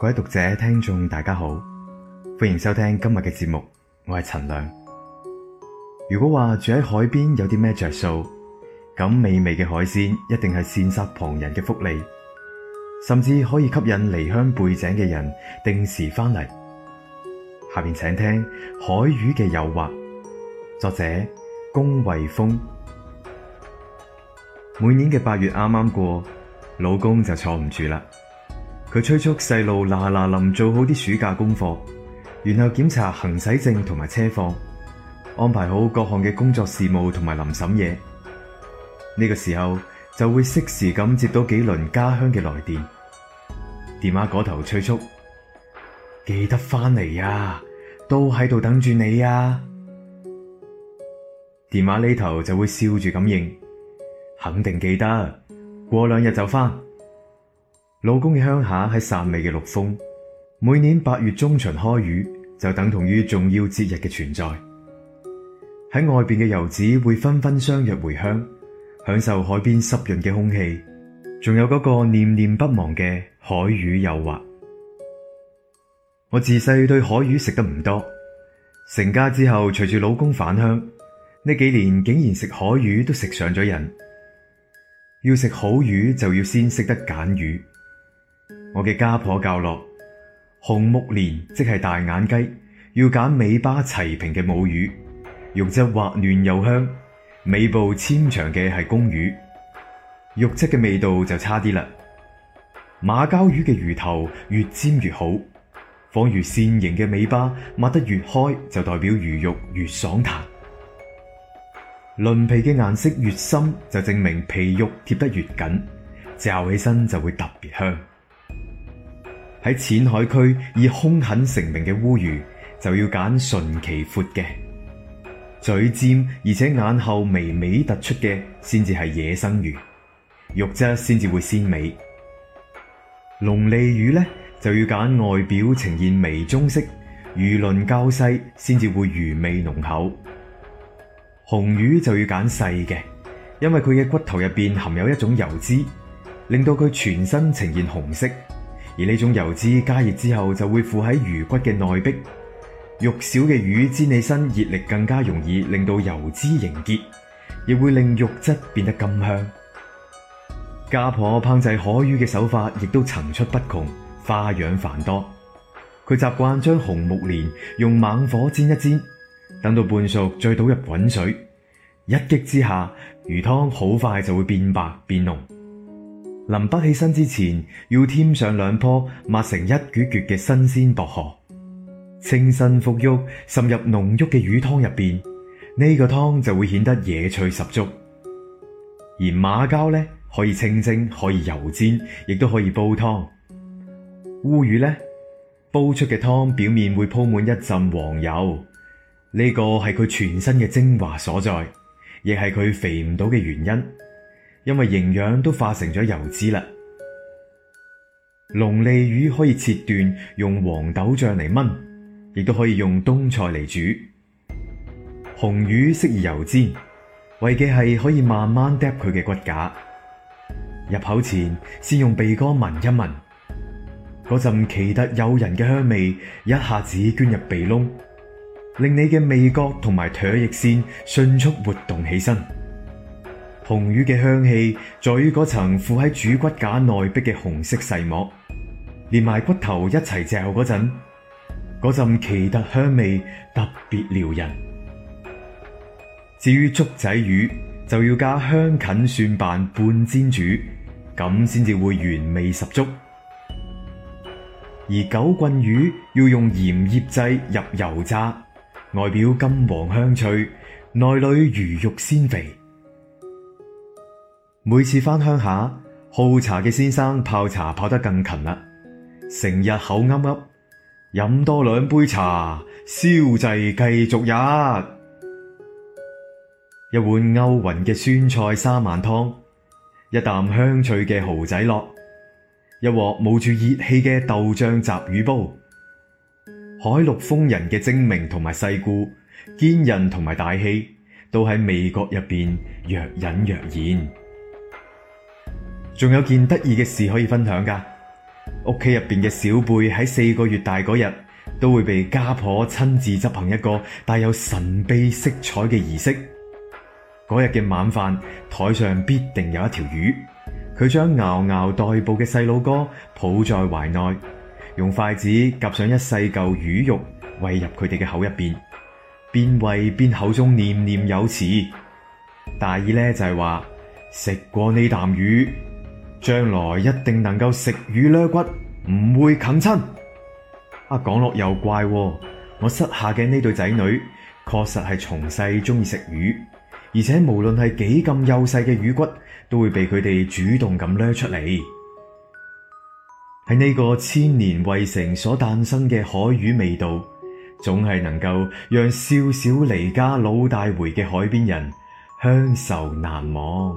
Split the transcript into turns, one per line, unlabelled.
各位讀者、聽眾大家好，歡迎收聽今日嘅節目，我係陳亮。如果話住喺海邊有啲咩着數，咁美味嘅海鮮一定係羨煞旁人嘅福利，甚至可以吸引離鄉背井嘅人定時翻嚟。下面請聽《海魚嘅誘惑》，作者龔衛峰。每年嘅八月啱啱過，老公就坐唔住啦。佢催促細路嗱嗱臨做好啲暑假功課，然後檢查行駛證同埋車況，安排好各項嘅工作事務同埋臨審嘢。呢個時候就會適時咁接到幾輪家鄉嘅來電，電話嗰頭催促，記得翻嚟啊，都喺度等住你啊。電話呢頭就會笑住咁應，肯定記得，過兩日就翻。老公嘅鄉下喺汕尾嘅陸豐，每年八月中旬開漁就等同於重要節日嘅存在。喺外邊嘅遊子會紛紛相約回鄉，享受海邊濕潤嘅空氣，仲有嗰個念念不忘嘅海魚誘惑。我自細對海魚食得唔多，成家之後隨住老公返鄉，呢幾年竟然食海魚都食上咗癮。要食好魚就要先識得揀魚。我嘅家婆教落紅木蓮，即係大眼雞，要揀尾巴齊平嘅母魚，肉質滑嫩又香；尾部纖長嘅係公魚，肉質嘅味道就差啲啦。馬鮫魚嘅魚頭越尖越好，仿如扇形嘅尾巴，抹得越開就代表魚肉越爽彈。鱗皮嘅顏色越深，就證明皮肉貼得越緊，嚼起身就會特別香。喺淺海區以凶狠成名嘅烏魚，就要揀順其闊嘅，嘴尖而且眼後微微突出嘅，先至係野生魚，肉質先至會鮮美。龍脷魚呢，就要揀外表呈現微棕色、魚鱗較細先至會魚味濃厚。紅魚就要揀細嘅，因為佢嘅骨頭入邊含有一種油脂，令到佢全身呈現紅色。而呢種油脂加熱之後就會附喺魚骨嘅內壁，肉少嘅魚煎起身熱力更加容易令到油脂凝結，亦會令肉質變得咁香。家婆烹製海魚嘅手法亦都層出不窮，花樣繁多。佢習慣將紅木蓮用猛火煎一煎，等到半熟再倒入滾水，一擊之下，魚湯好快就會變白變濃。臨北起身之前，要添上兩棵抹成一橛橛嘅新鮮薄荷，清新馥郁滲入濃郁嘅魚湯入邊，呢、這個湯就會顯得野趣十足。而馬鮫呢，可以清蒸，可以油煎，亦都可以煲湯。烏魚呢，煲出嘅湯表面會鋪滿一浸黃油，呢、這個係佢全身嘅精華所在，亦係佢肥唔到嘅原因。因為營養都化成咗油脂啦，龍脷魚可以切段用黃豆醬嚟炆，亦都可以用冬菜嚟煮。紅魚適宜油煎，為嘅係可以慢慢嗒佢嘅骨架，入口前先用鼻哥聞一聞，嗰陣奇特誘人嘅香味一下子鑽入鼻窿，令你嘅味覺同埋唾液腺迅速活動起身。紅魚嘅香氣在於嗰層附喺主骨架內壁嘅紅色細膜，連埋骨頭一齊嚼嗰陣，嗰陣奇特香味特別撩人。至於竹仔魚，就要加香芹蒜瓣半煎煮，咁先至會原味十足。而九棍魚要用鹽醃製入油炸，外表金黃香脆，內裏魚肉鮮肥。每次翻鄉下，好茶嘅先生泡茶泡得更勤啦。成日口啱勾，飲多兩杯茶，消滯繼續日。一碗勾魂嘅酸菜沙鰻湯，一啖香脆嘅蚝仔烙，一鑊冒住熱氣嘅豆醬雜魚煲，海陸豐人嘅精明同埋世故，堅韌同埋大氣，都喺味覺入邊若隱若現。仲有件得意嘅事可以分享㗎，屋企入邊嘅小貝喺四個月大嗰日，都會被家婆親自執行一個帶有神秘色彩嘅儀式。嗰日嘅晚飯台上必定有一條魚，佢將嗷嗷待哺嘅細佬哥抱在懷內，用筷子夾上一細舊魚肉餵入佢哋嘅口入邊，邊餵邊口中念念有詞。大意咧就係話食過呢啖魚，將來一定能夠食魚甩骨，唔會啃親。啊，講落又怪，啊，我膝下嘅呢對仔女，確實係從細中意食魚，而且無論係幾咁幼細嘅魚骨，都會被佢哋主動咁掠出嚟。喺呢個千年衛城所誕生嘅海魚味道，總係能夠讓少小離家老大回嘅海邊人鄉愁難忘。